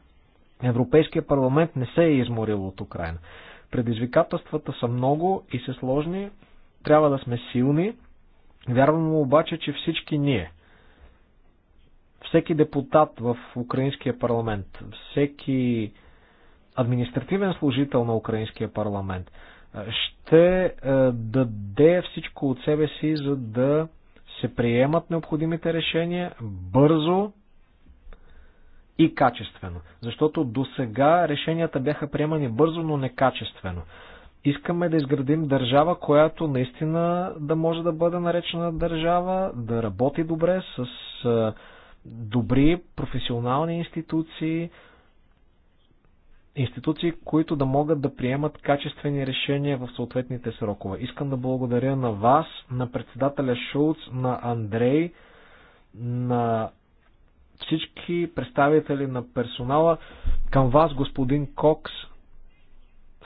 Европейския парламент не се е изморил от Украина. Предизвикателствата са много и са сложни, трябва да сме силни. Вярвам обаче, че всички ние, всеки депутат в украинския парламент, всеки административен служител на украинския парламент ще даде всичко от себе си, за да се приемат необходимите решения бързо и качествено. Защото до сега решенията бяха приемани бързо, но некачествено. Искаме да изградим държава, която наистина да може да бъде наречена държава, да работи добре с добри професионални институции, институции, които да могат да приемат качествени решения в съответните срокове. Искам да благодаря на вас, на председателя Шулц, на Андрей, на всички представители на персонала, към вас, господин Кокс,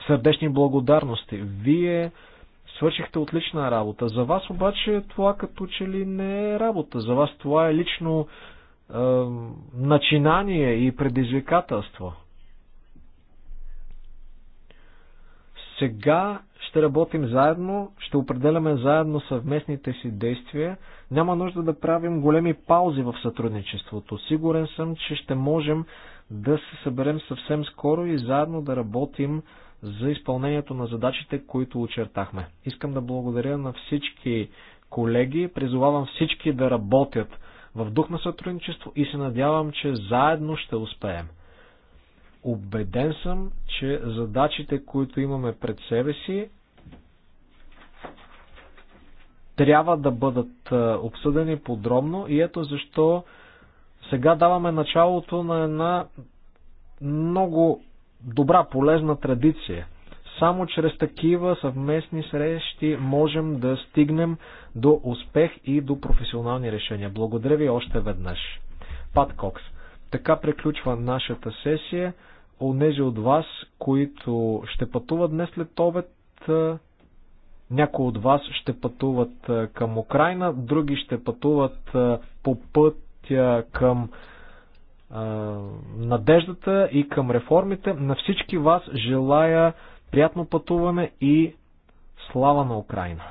сърдечни благодарности. Вие свършихте отлична работа. За вас обаче това като че ли не е работа. За вас това е лично начинание и предизвикателство. Сега ще работим заедно, ще определяме заедно съвместните си действия. Няма нужда да правим големи паузи в сътрудничеството. Сигурен съм, че ще можем да се съберем съвсем скоро и заедно да работим за изпълнението на задачите, които очертахме. Искам да благодаря на всички колеги, призовавам всички да работят в дух на сътрудничество и се надявам, че заедно ще успеем. Обеден съм, че задачите, които имаме пред себе си, трябва да бъдат е, обсъдени подробно и ето защо сега даваме началото на една много добра, полезна традиция – само чрез такива съвместни срещи можем да стигнем до успех и до професионални решения. Благодаря ви още веднъж. Пат Кокс. Така приключва нашата сесия. Онези от вас, които ще пътуват днес след обед, някои от вас ще пътуват към Украина, други ще пътуват по пътя към надеждата и към реформите. На всички вас желая Приятно пътуване и слава на Украина!